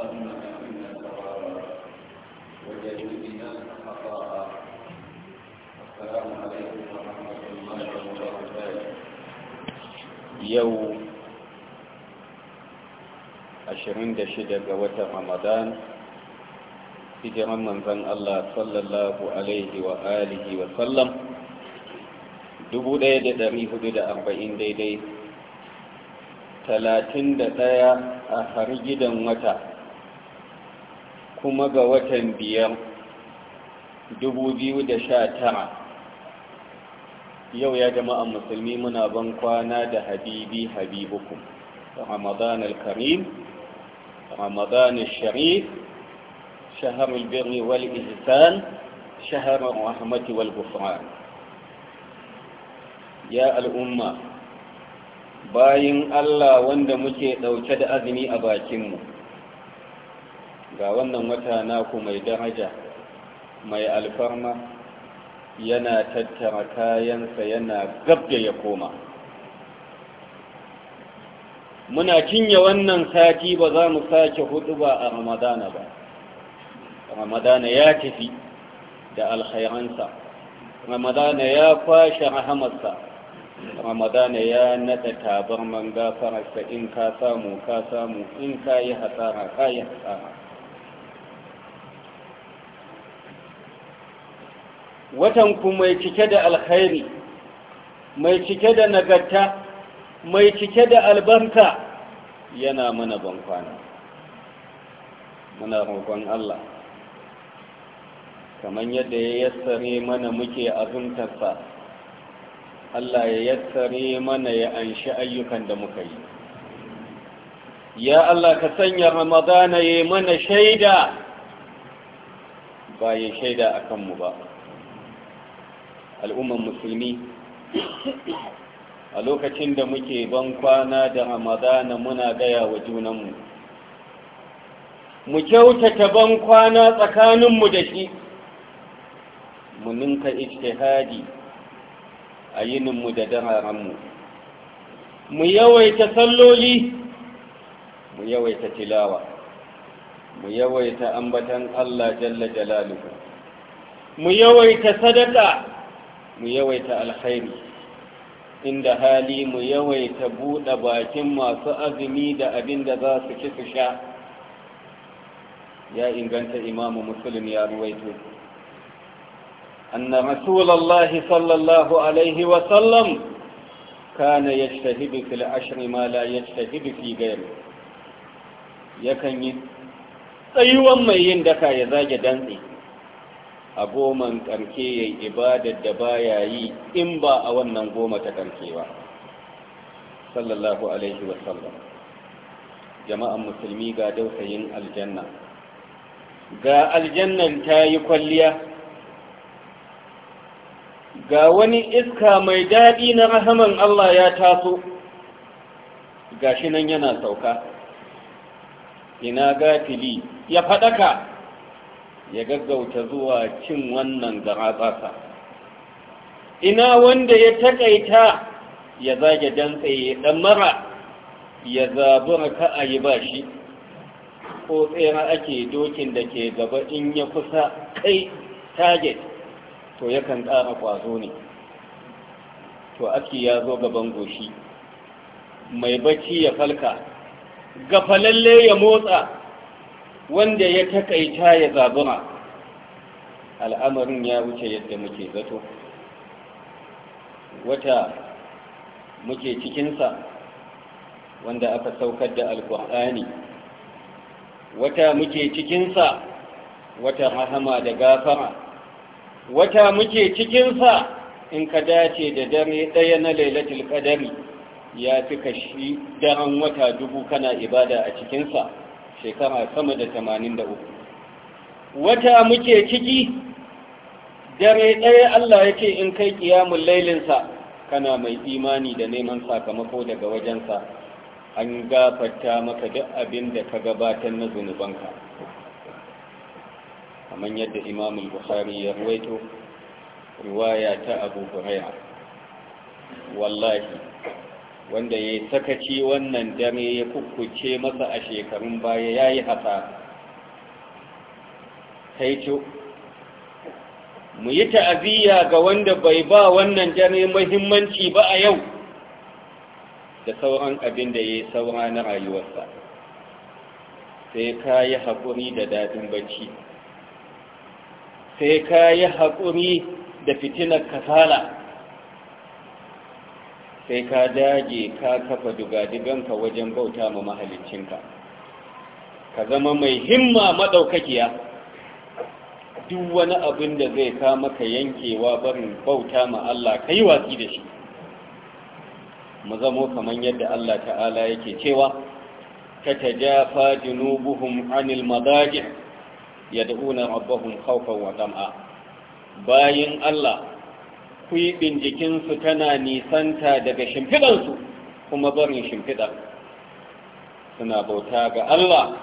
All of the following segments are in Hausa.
yau اكفنا سرارا وجنبنا خطاها السلام عليكم ورحمه الله وبركاته يوم 26 ga watan Ramadan hijiran manzon Allah sallallahu alaihi wa alihi wa sallam 1440 daidai 31 a har gidan wata kuma ga watan biyar tara. yau ya jama'a musulmi muna ban kwana da habibi habibukum ramadan al-karim ramadan al-sharif shahar al wal-ihsan shahar rahmati wal-ghufran ya al'umma bayin Allah wanda muke ɗauke da azumi a bakinmu ga wannan wata naku mai daraja mai alfarma yana tattara kayansa yana gabda ya koma muna cinye wannan sati ba za mu sake hudu ba a ramadana ba ramadana ya tafi da alkhairansa ramadana ya kwashe rahamarsa ramadana ya nada tabarman gafararsa in ka samu ka samu in ka yi hasara ka yi hasara watanku mai cike da alkhairi mai cike da nagarta mai cike da albarka yana mana bankwana muna roƙon Allah kamar yadda ya yassare mana muke azuntarsa Allah ya yassare mana ya anshi ayyukan da muka yi ya Allah ka sanya ramadana ya mana shaida ba ya shaida a kanmu ba al'umman musulmi a lokacin da muke ban kwana da ramadana muna gaya wa junanmu mu kyautata ban kwana tsakaninmu da shi mu ninka ijtihadi a yininmu da dararenmu mu yawaita salloli mu yawaita tilawa mu yawaita ambatan Allah jalla jalaluhu mu yawaita sadaka mu yawaita alkhairi inda hali mu yawaita buɗe bakin masu azumi da abin da za su ci su sha ya inganta imamu Musulun ya ruwaito أن رسول الله صلى الله عليه وسلم كان يجتهد في العشر ما لا يجتهد في غيره يكن يتسيوان mai yin daka ya zage dantse a goman ƙarke yayi yi ibadar da baya yi in ba a wannan goma ta ƙarke ba sallallahu alaihi wasallam jama'an musulmi ga dausayin aljanna ga aljannan ta yi kwalliya ga wani iska mai daɗi na rahaman Allah ya taso gashi nan yana sauka ina gafili ya faɗaka ya gaggauta zuwa cin wannan garatsa ina wanda ya takaita ya zage tsaye ya mara ya zabura ka a yi ba shi ko tsera ake dokin da ke gaba in ya kusa kai target to yakan ƙara ƙwazo ne to aski ya zo gaban goshi mai bacci ya falka gafalalle ya motsa wanda ya takaita ya zabura al'amarin ya wuce yadda muke zato wata muke cikinsa wanda aka saukar da alkur'ani wata muke cikinsa wata rahama da gafara wata muke cikinsa in ka dace da dare ɗaya na lailatul qadari ya fi kashi daren wata dubu kana ibada a cikinsa shekara sama da tamanin da uku wata muke ciki dare ɗaya Allah ya ce in kai ƙiyamun lailinsa kana mai imani da neman sakamako daga wajensa an gafarta maka duk abin da ka gabatar na zunubanka kamar yadda imamul buhari ya ruwaito riwaya ta abu wallahi wanda ya sakaci wannan dare ya kukkuce masa a shekarun baya ya yi hasara taico mu yi ta'aziyya ga wanda bai ba wannan dare muhimmanci ba a yau da sauran abin da ya yi saura na rayuwarsa sai ka yi haƙuri da daɗin bacci sai ka yi haƙuri da fitinar kasala sai ka dage ka kafa dugadiganka wajen bauta ma mahalicinka ka zama mai himma maɗaukakiya duk wani abin da zai kama ka yankewa barin bauta ma Allah ka yi watsi da shi mu zamo kamar yadda Allah ta'ala yake cewa ta tajafa junubuhum anil madaji yad'una rabbahum khawfan wa tam'a bayan Allah kwibin jikinsu tana nisanta daga shimfiɗansu kuma barin shimfida suna bauta ga Allah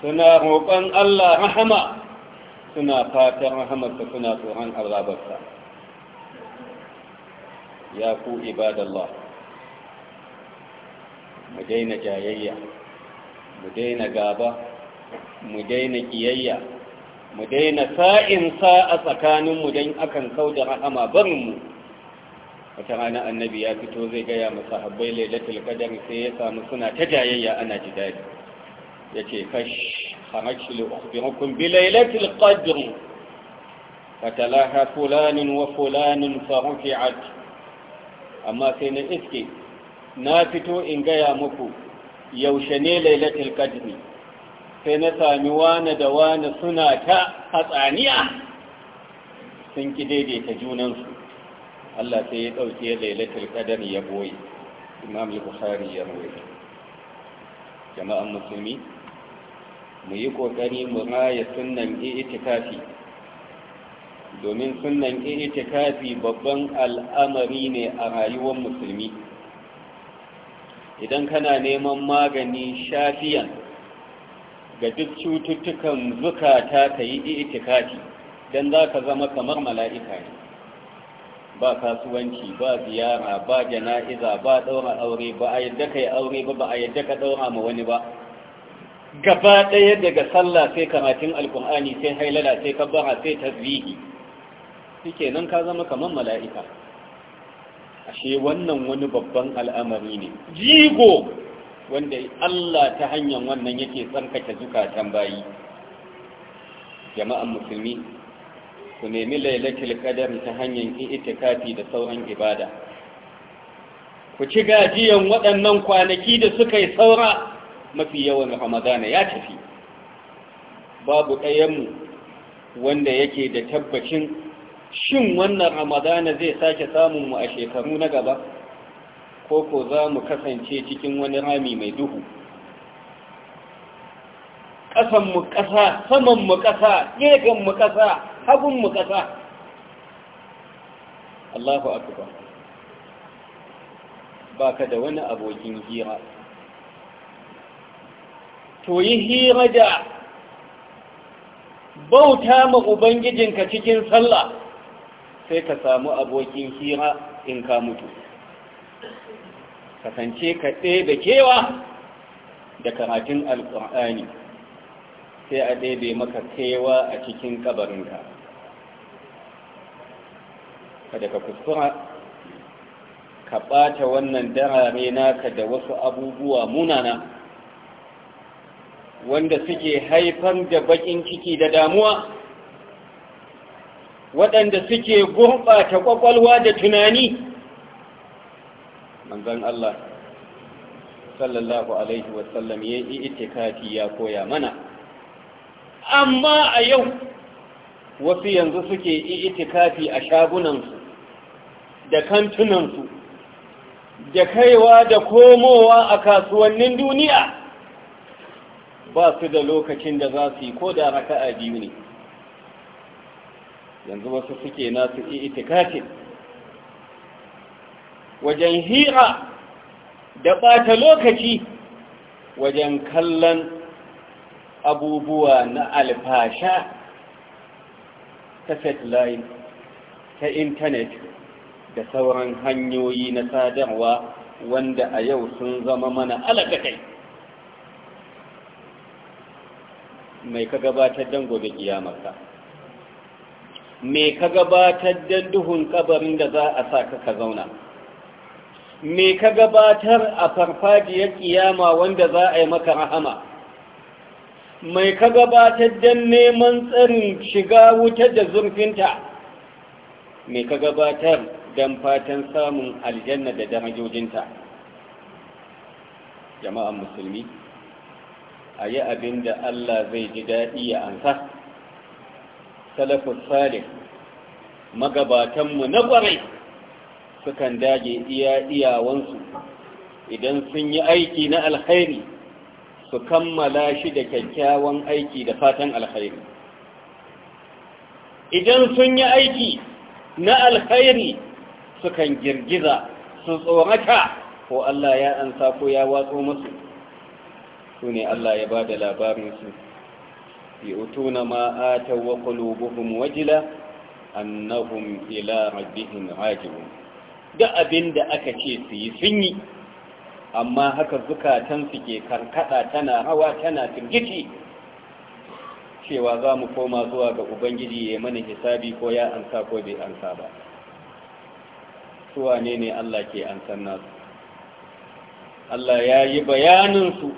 suna roƙon Allah rahama suna fatan rahamarsa suna tsoron azabarsa ya ku ibadallah mu daina jayayya mu daina gaba mu daina ƙiyayya mu daina sa'in sa a tsakaninmu don akan kau da rahama barinmu wata rana annabi ya fito zai gaya masa habbai lailatul qadar sai ya samu suna ta jayayya ana ji dadi ya ce fash harashi li bi lailatul qadr fatalaha fulanin wa fulanin fa amma sai na iske na fito in gaya muku yaushe ne lailatul Qadar? sai na sami wane da wane suna ta hatsaniya sun ki daidaita junansu Allah sai ya ɗauke lailatul ƙadar ya boye Imam Bukhari ya rawaita jama'an musulmi mu yi ƙoƙari mu raya sunan itikafi domin sunnan itikafi babban al'amari ne a rayuwar musulmi idan kana neman magani shafiyan ga duk cututtukan zukata ka yi itikati don za ka zama kamar mala'ika ne ba kasuwanci ba ziyara ba jana'iza ba ɗaura aure ba a yadda ka yi aure ba ba a yadda ka ɗaura ma wani ba gaba ɗaya daga sallah sai karatun alkur'ani sai hailala sai kabbara sai tasbihi Suke nan ka zama kamar mala'ika ashe wannan wani babban al'amari ne jigo wanda Allah ta hanyar wannan yake tsarkake zukatan bayi jama'an musulmi ku nemi lailatul qadar ta hanyar itikafi da sauran ibada ku ci gajiyan waɗannan kwanaki da suka yi saura mafi yawan ramadana ya tafi babu ɗayanmu wanda yake da tabbacin shin wannan ramadana zai sake samun mu a shekaru na gaba ko ko za mu kasance cikin wani rami mai duhu ƙasanmu ƙasa samanmu ƙasa ƙeganmu ƙasa hagunmu ƙasa Allahu akbar ba ka da wani abokin hira to yi hira da bauta ma ubangijinka cikin sallah sai ka samu abokin hira in ka mutu kasance ka ɗebe da kewa da karatun alƙur'ani sai a ɗebe maka kewa a cikin ƙabarinka kada ka kuskura ka ɓata wannan darare naka da wasu abubuwa munana wanda suke haifar da baƙin ciki da damuwa waɗanda suke gurɓata ƙwaƙwalwa da tunani manzan Allah sallallahu alaihi wasallam ya yi itikafi ya koya mana amma a yau wasu yanzu suke yi itikafi a shagunansu da kantunansu da kaiwa da komowa a kasuwannin duniya ba su da lokacin da za su yi ko da raka'a biyu ne yanzu wasu suke nasu yi wajen hira da ɓata lokaci wajen kallon abubuwa na alfasha ta satellite ta intanet da sauran hanyoyi na sadarwa wanda a yau sun zama mana alaƙaƙai mai ka gabatar don gobe kiyamarka mai ka gabatar don duhun ƙabarin da za a sa ka zauna me ka gabatar a farfajiyar kiyama wanda za a yi maka rahama mai ka gabatar don neman tsarin shiga wuta da zurfinta Mai ka gabatar don fatan samun aljanna da darajojinta jama'an musulmi a yi abin da Allah zai ji daɗi ya ansa salafus salih magabatanmu na ƙwarai sukan dage iya iyawansu idan sun yi aiki na alkhairi su kammala shi da kyakkyawan aiki da fatan alkhairi idan sun yi aiki na alkhairi sukan girgiza su tsorata ko Allah ya ansa ko ya watso musu su ne Allah ya ba da labarinsu yi'utuna ma ataw wa qulubuhum wajila annahum ila rabbihim raji'un duk abin da aka ce su yi sun yi amma haka zukatansu ke karkada tana hawa tana firgici cewa za mu koma zuwa ga ubangiji ya mana hisabi ko ya ansa ko bai ansa ba suwa ne ne Allah ke ansan nasu Allah ya yi bayaninsu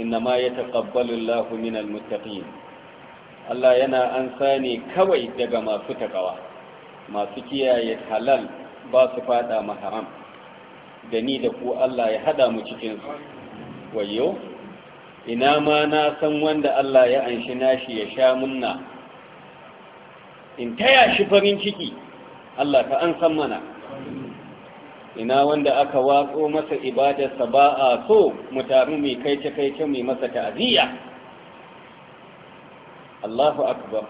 inna ma ya taƙabbalin lahumin almuttaqin Allah yana ansa ne kawai daga masu taƙawa masu kiyaye halal ba su fada ma haram da ni da ku Allah ya hada mu cikin su wayo ina ma na san wanda Allah ya anshi nashi ya sha munna in taya shi farin ciki Allah ka an san mana ina wanda aka watso masa ibadarsa ba a so mu taru mai kaice-kaice mai masa ta'aziyya Allahu akbar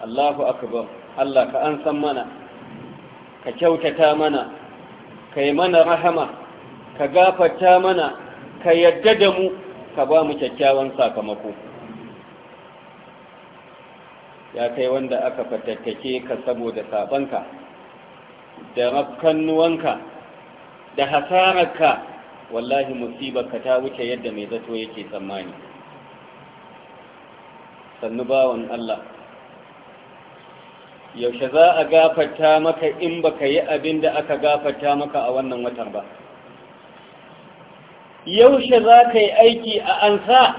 Allahu akbar Allah ka an san mana ka kyautata mana ka yi mana rahama ka gafata mana ka yadda da mu ka ba mu kyakkyawan sakamako ya kai wanda aka fatattake ka saboda sabonka, da rafkannuwanka da hasararka wallahi musibarka ta wuce yadda mai zato yake tsammani sannu bawan Allah yaushe za a gafata maka in ba ka yi abin da aka gafata maka a wannan watan ba yaushe za ka yi aiki a ansa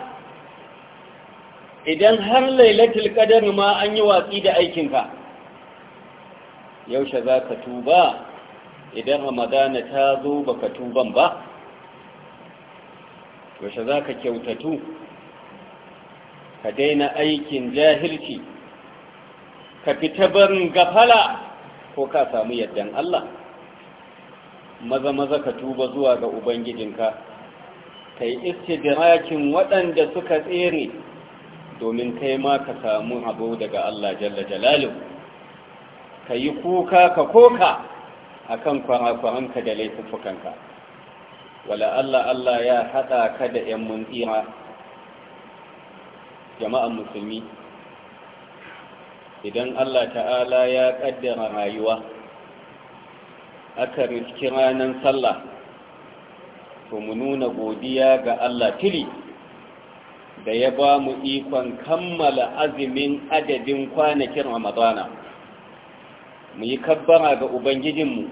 idan har lailatul qadar ma an yi watsi da aikinka yaushe za ka tuba idan ramadana ta zo ba ka tuban ba yaushe za ka kyautatu ka daina aikin jahilci ka fita barin gafala ko ka samu yardan Allah maza maza ka tuba zuwa ga ubangijinka ka yi istidrakin waɗanda suka tsere domin kai ma ka samu abu daga Allah jalla jalalu ka yi kuka ka koka akan kwarakwaranka da laifuffukanka wala Allah Allah ya haɗa ka da ‘yan mun jama'an musulmi idan Allah ta'ala ya ƙaddara rayuwa aka riski ranar sallah to mu nuna godiya ga Allah tili da ya ba mu ikon kammala azumin adadin kwanakin ramadana mu yi kabbara ga ubangijinmu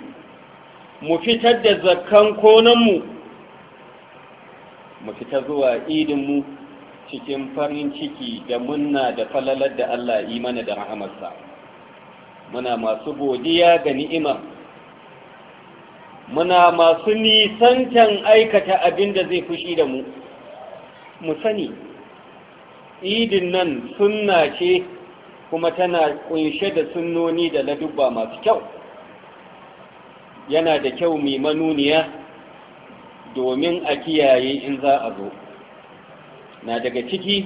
mu fitar da zakkan konanmu, mu fitar zuwa idinmu cikin farin ciki da munna da falalar da Allah yi mana da rahamarsa muna masu godiya ga ni'imar muna masu nisantan aikata abin da zai fushi da mu mu sani idin nan sunna ce kuma tana kunshe da sunnoni da ladubba masu kyau yana da kyau mai manuniya domin a kiyaye in za a zo na daga ciki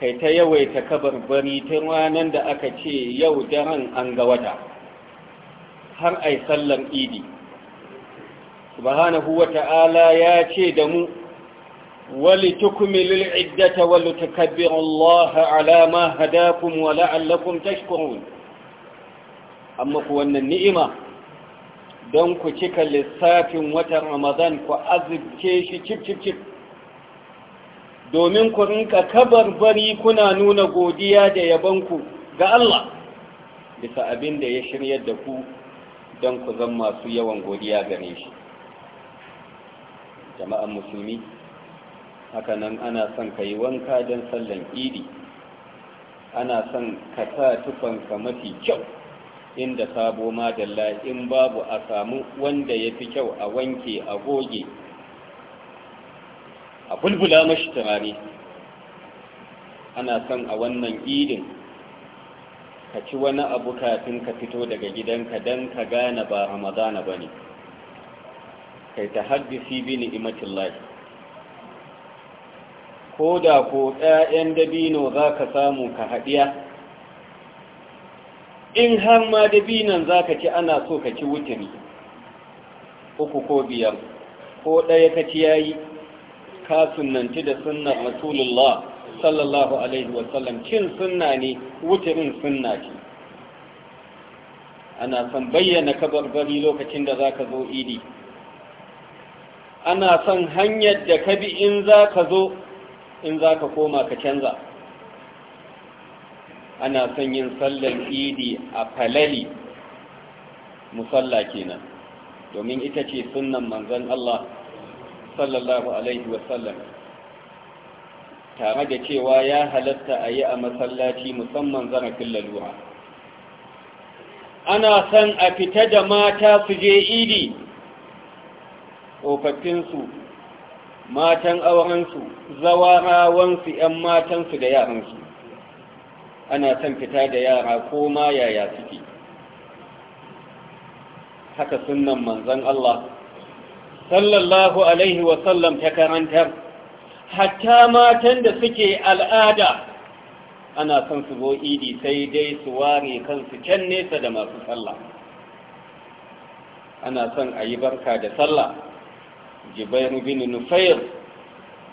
kai ta yawaita kabarbari ta ranar da aka ce yau daren an ga wata har ai sallar idi subhanahu wata'ala ya ce da mu wali tukmilul iddata wal tukabbiru Allah alama hadakum wa la'allakum tashkurun amma ku wannan ni'ima don ku cika lissafin watan Ramadan ku azubce shi cip cip cip domin ku rinka kabar bari kuna nuna godiya da yabanku ga Allah bisa abin da ya shirya da ku don ku zan masu yawan godiya gare shi jama'an musulmi haka nan ana son ka yi wanka don sallan idi ana son ka sa tufanka mafi kyau inda sabo madalla in babu a samu wanda ya fi kyau a wanke a goge a bulbula mashi turare ana son a wannan idin ka ci wani abu kafin ka fito daga gidanka don ka gane ba ramadana ba ne kai ta haddisi bi Imacin lafi ko da ko ɗayan dabino za ka samu ka haɗiya in har ma dabinan za ka ci ana so ka ci wuturi uku ko biyar ko ɗaya ka ci yayi ka sunanci da sunnar rasulullah sallallahu alaihi wasallam cin sunna ne wuturin sunna ce ana son bayyana kabarbari lokacin da za ka zo idi ana son hanyar da ka bi in za ka zo in za ka koma ka canza ana son yin sallar idi a falali musalla kenan domin ita ce sunnan manzon Allah sallallahu alaihi wasallam tare da cewa ya halatta a yi a masallaci musamman zarafin lalura ana son a fita da mata su je idi tsofaffinsu matan aurensu zawarawansu 'yan matansu da yaransu ana son fita da yara ko ma yaya suke haka sunan manzan Allah sallallahu alaihi wasallam ta karantar hatta matan da suke al'ada ana son su zo idi sai dai su ware kansu can nesa da masu sallah ana son a yi barka da sallah jibairu bin nufair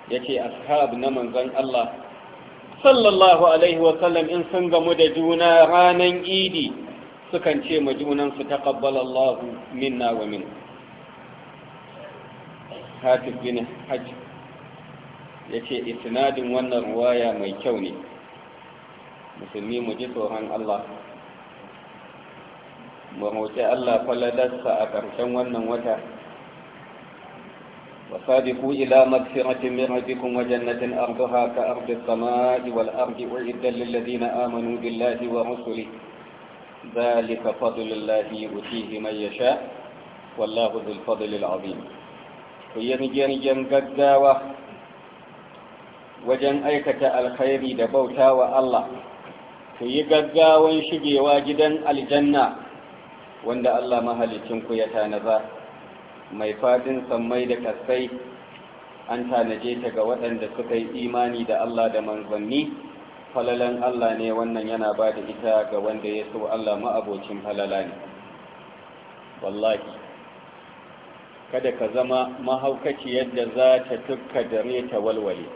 ya ce ashab na manzan Allah sallallahu alaihi wasallam in sun gamu da juna ranar idi sukan ce ma junansu ƙabbalallahu minna wa minna hatib bin hajj ya ce itinadin wannan ruwaya mai kyau ne musulmi mu ji tsoron allah mu roƙi allah faladarsa a ƙarshen wannan wata وسابقوا إلى مغفرة من ربكم وجنة أرضها كأرض السماء والأرض أعدا للذين آمنوا بالله ورسله ذلك فضل الله يؤتيه من يشاء والله ذو الفضل العظيم ku yi gaggawa wajen aikata alkhairi da bauta wa Allah ku yi gaggawan shigewa gidan aljanna wanda Allah mahalicinku ya tanaza mai fadin sammai da kasai an tanaje ta ga waɗanda suka yi imani da Allah da manzanni falalan Allah ne wannan yana ba da ita ga wanda ya so Allah ma'abocin falala ne wallahi kada ka zama mahaukaci yadda za ta tukka dare ta walwale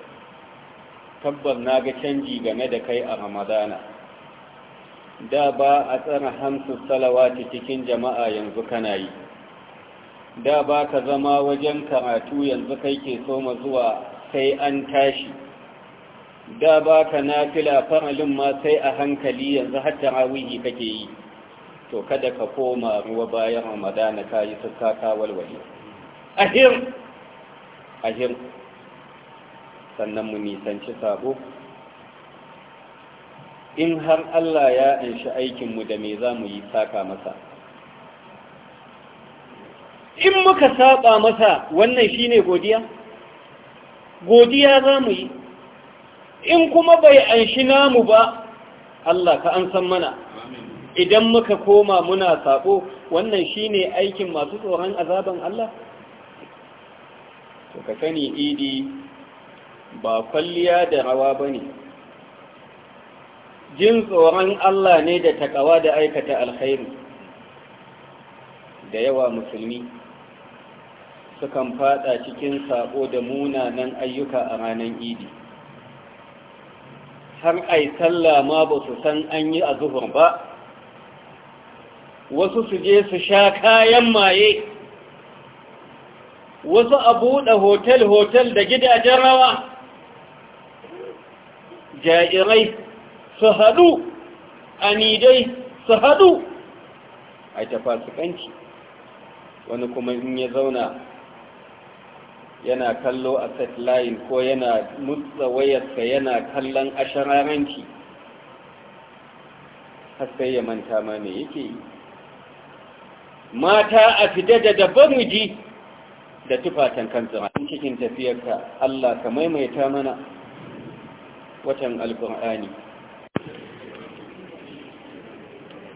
tabbas na ga canji game da kai a ramadana da ba a tsara hamsu salawati cikin jama'a yanzu kana yi da ba ka zama wajen karatu yanzu kai ke soma zuwa sai an tashi da ba ka nafila faralin ma sai a hankali yanzu hatta rawihi kake yi to kada ka koma ruwa bayan ramadana ka yi sassaka walwale ahim ahim sannan mu nisanci sabo in har Allah ya anshi aikinmu da me za mu yi saka masa in muka saba masa wannan shine godiya godiya za mu yi in kuma bai anshi namu ba Allah ka an san mana idan muka koma muna sabo wannan shine aikin masu tsoron azaban Allah to sani idi ba kwalliya da rawa ba ne jin tsoron Allah ne da takawa da aikata alkhairu. da yawa musulmi sukan fada cikin sako da munanan ayyuka a ranar idi har ai sallah ma ba su san an yi a zuhur ba wasu su je su sha kayan maye wasu a buɗe hotel-hotel da gidajen rawa jairai su haɗu anidai su haɗu a ta fasikanci wani kuma in ya zauna yana kallo a satellite ko yana mutsa wayarsa yana kallon ashararanci har sai ya manta ma me yake yi mata a fita da dabar da tufatan in cikin tafiyarka Allah ka maimaita mana watan alkur'ani